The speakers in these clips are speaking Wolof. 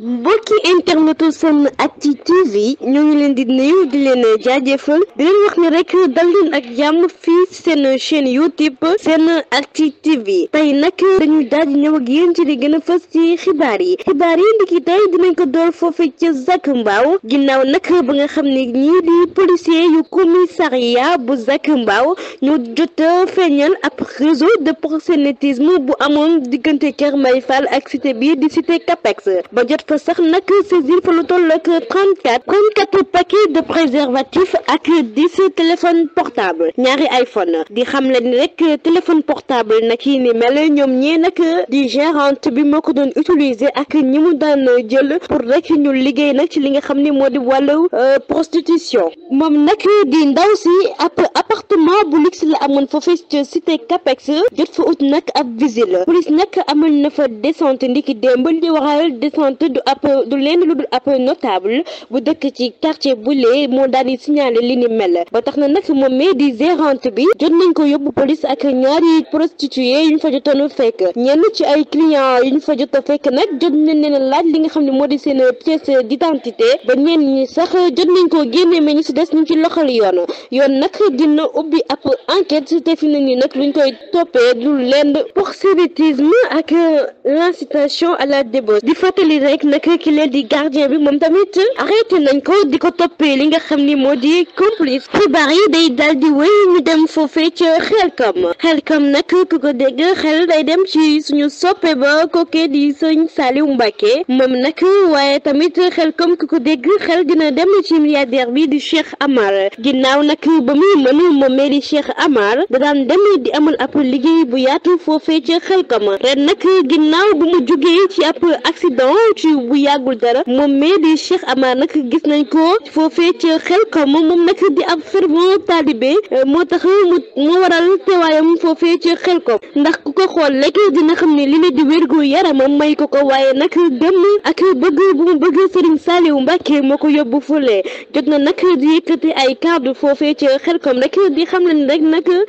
mbokki internetu seen acti tv ñoo ngi leen di nuyu di leen jaajeefal di leen wax ni rek dal ak jàmm fii seen chaîne youtube seen acti tv tey nag dañuy daal di ñëw ak yéen ci li gën fës ci xibaar yi xibaar yi ndiki tey dinañ ko door foofe ca Zac Mbao ginnaaw nag ba nga xam ne ñii di policier yu commissariat bu Zac Mbao ñu jot a feeñal ab réseau de proxénétisme bu amoon diggante Kër may fal ak cité bi di cité Capex ba jot jàpp sax nag saisir pour lu toll ak 34 34 paquets de préservatifs ak 10 téléphones portables ñaari iPhone di xamle ni rek téléphone portable nak yi ni mel ñoom ñee nak di gérante bi moo ko doon utiliser ak ñi mu daan jël pour rek ñu liggéey nag ci li nga xam ni moo di wàllu euh, prostitution moom nag di ndaw si ab amoon foofee ci cité Capex jot fa ut nag ab visite police nag amal na fa descente ndiki démb li waral descente du ab du lenn lu dul ab notable bu dëkk ci quartier Boulé moo daal di signalé li ni mel ba tax na nag moom mee di gérante bi jot nañ ko yóbbu police ak ñaari prostituée yu ñu fa jotoon ci ay client ñu fa jot fekk nag jot nañ leen laaj li nga xam ne moo di seen pièce d'identité ba ñenn ñi sax jot nañ koo génne mais si des ñu ci loxol yoon yoon nag dina ubbi ab enquête te fi na ni nag luñ koy toppee lu lenn proxénétisme ak l'incitation euh, à la débauche di fatali rek nak ki leen di gardien bi moom tamit arrêté nañ ko di ko toppee li nga xam ni moo di complice xibaar yi day dal di ñu dem foofee ca xelkom xelkom nag ku ko dégg xel day dem ci suñu soppe ba kookee di sëñ Saliou Mbacké moom nag waaye tamit xelkom ku ko dégg xel dina dem ci milliardaire bi di Cheikh Amar ginnaaw nag ba muy mënul moomee di Cheikh Amar Sarr da daan dem di amal ab liggéey bu yaatu foofee ca xelkom ren nag ginnaaw bu mu jógee ci ab accident ci bu yàggul dara moom mee di Cheikh Amar nag gis nañ ko foofee ca xelkom moom nag di ab fervent taalibe moo tax mu moo waral teewaayam foofee ca xelkom ndax ku ko xool rek dina xam ne li ne di wérgu yaramam may ko ko waaye nag gëm ak bëgg bu mu bëgg Serigne wu Mbacke moo ko yóbbu fule jot na nag di yëkkati ay kàddu foofee ca xelkom rek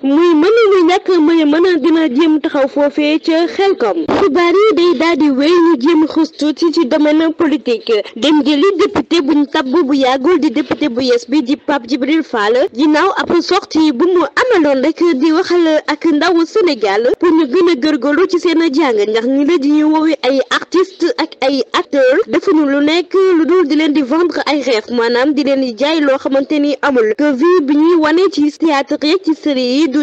muy mën a nag mëne mën a dina jéem taxaw foofee ca xelkom xibaar yi day daal di wéy ñu jéem xus tuuti ci domaine politique dem jëli député buñ tabb bu yàggul di député bu yees bi di Pape Djibril Fall ginnaaw ab sortie bu mu amaloon rek di waxal ak ndawu Sénégal pour ñu gën a gërgëlu ci seen jàng ndax ñi la di ñu woowee ay artiste ak ay acteur defuñu lu nekk lu dul di leen di vendre ay rêve maanaam di leen di jaay loo xamante ni amul que vie bi ñuy wane ci théâtre yeeg ci série yi du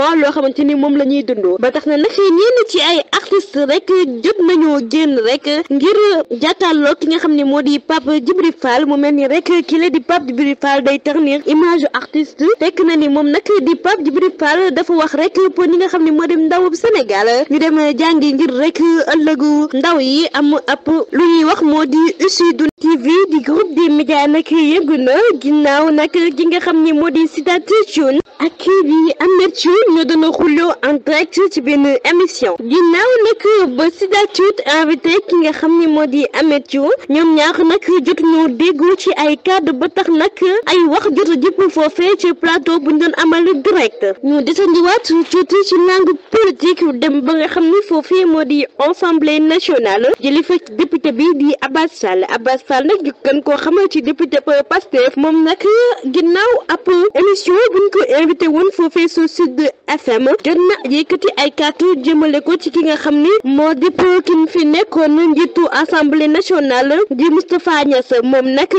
moment loo xamante ni moom la ñuy dund ba tax na nag ñenn ci ay artiste rek jot nañoo génn rek ngir jàkkaarloo ki nga xam ne moo di Pape Djibril Fall moo mel ni rek ki la di Pape Djibril Fall day ternir image artiste fekk na ni moom nag di Pape Djibril Fall dafa wax rek pour ñi nga xam ni moo dem ndawu Sénégal ñu dem jàngi ngir rek ëllëgu ndaw yi am ab lu ñuy wax moo di USAID TV di groupe des médias nag yëngu na ginnaaw nag ki nga xam ni moo di Sida Thion ak kii di ñoo doon a xulloo en direct ci benn émission ginnaaw nag ba Sida Thioute invité ki nga xam ni moo di Ameth Thiou ñoom ñaar nag jot ñoo déggoo ci ay kàddu ba tax nag ay wax jot a jëpp foofee ci plateau bu ñu doon amal direct ñu desandiwaat tuuti ci langue politique dem ba nga xam ni foofee moo di assemblée nationale jëli fa député bi di Abass Sall Abass Sall gën koo xamal ci député Pastef moom nag ginnaaw ab émission buñ ko invité woon foofee soo sud FM jot na yëkkati ay kàttu jëmale ko ci ki nga xam ni moo di kin fi nekkoon njiitu assemblée nationale di Moustapha Niass moom nag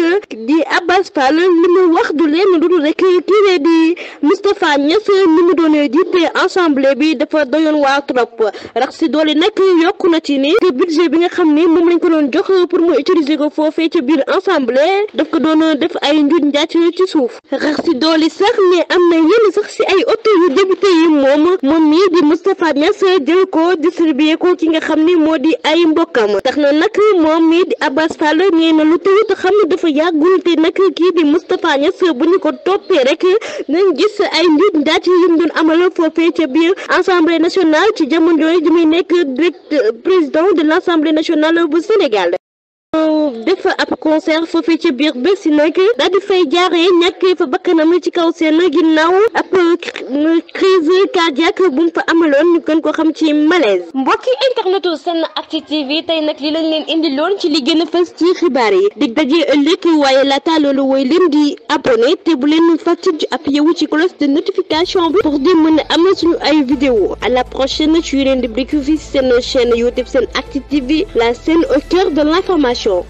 di Abbas Fall li mu wax du leen lu dul rek kii di Moustapha Niass ni mu doon jiite assemblée bi dafa doyoon waa trop rax si doole nag yokku na ci ni budget bi nga xam ni moom lañ ko doon jox pour mu utiliser ko foofee ci biir assemblée daf ko doon def ay njuuj njaaj ci suuf rax si doole sax ne am na yenn sax si ay auto yu député yi yi moom moom mii di Moustapha Niass jël ko distribué ko ki nga xam ni moo di ay mbokkam tax na nag moom mii di Abass Fall nee na lu tawut xam ne dafa yàggul te nag kii di Moustapha Niass bu ñu ko toppee rek nañ gis ay njuuj njaaj yu mu doon amal foofee ca biir Assemblée nationale ci jamono jooju muy nekk direct président de l'Assemblée nationale bu Sénégal def fa ab concert foofee ca biir Bercy nag daal di fay jaaree ñàkkee fa bakkanam ci kaw seen ginnaaw ab crise cardiaque bu mu fa amaloon ñu gën ko xam ci malaise. mbokki internetu SENactu TV tey nag li lañ leen indi loon ci li gën a fës ci xibaar yi dig dajee ëllëg waaye la loolu woy leen di abonné te bu leen fàtte di appuyé wu ci cloche de notification bi pour di mën a am suñu ay vidéo à la prochaine ci yeneen di découvrir seen chaîne YouTube SENactu la seen au cœur de l'information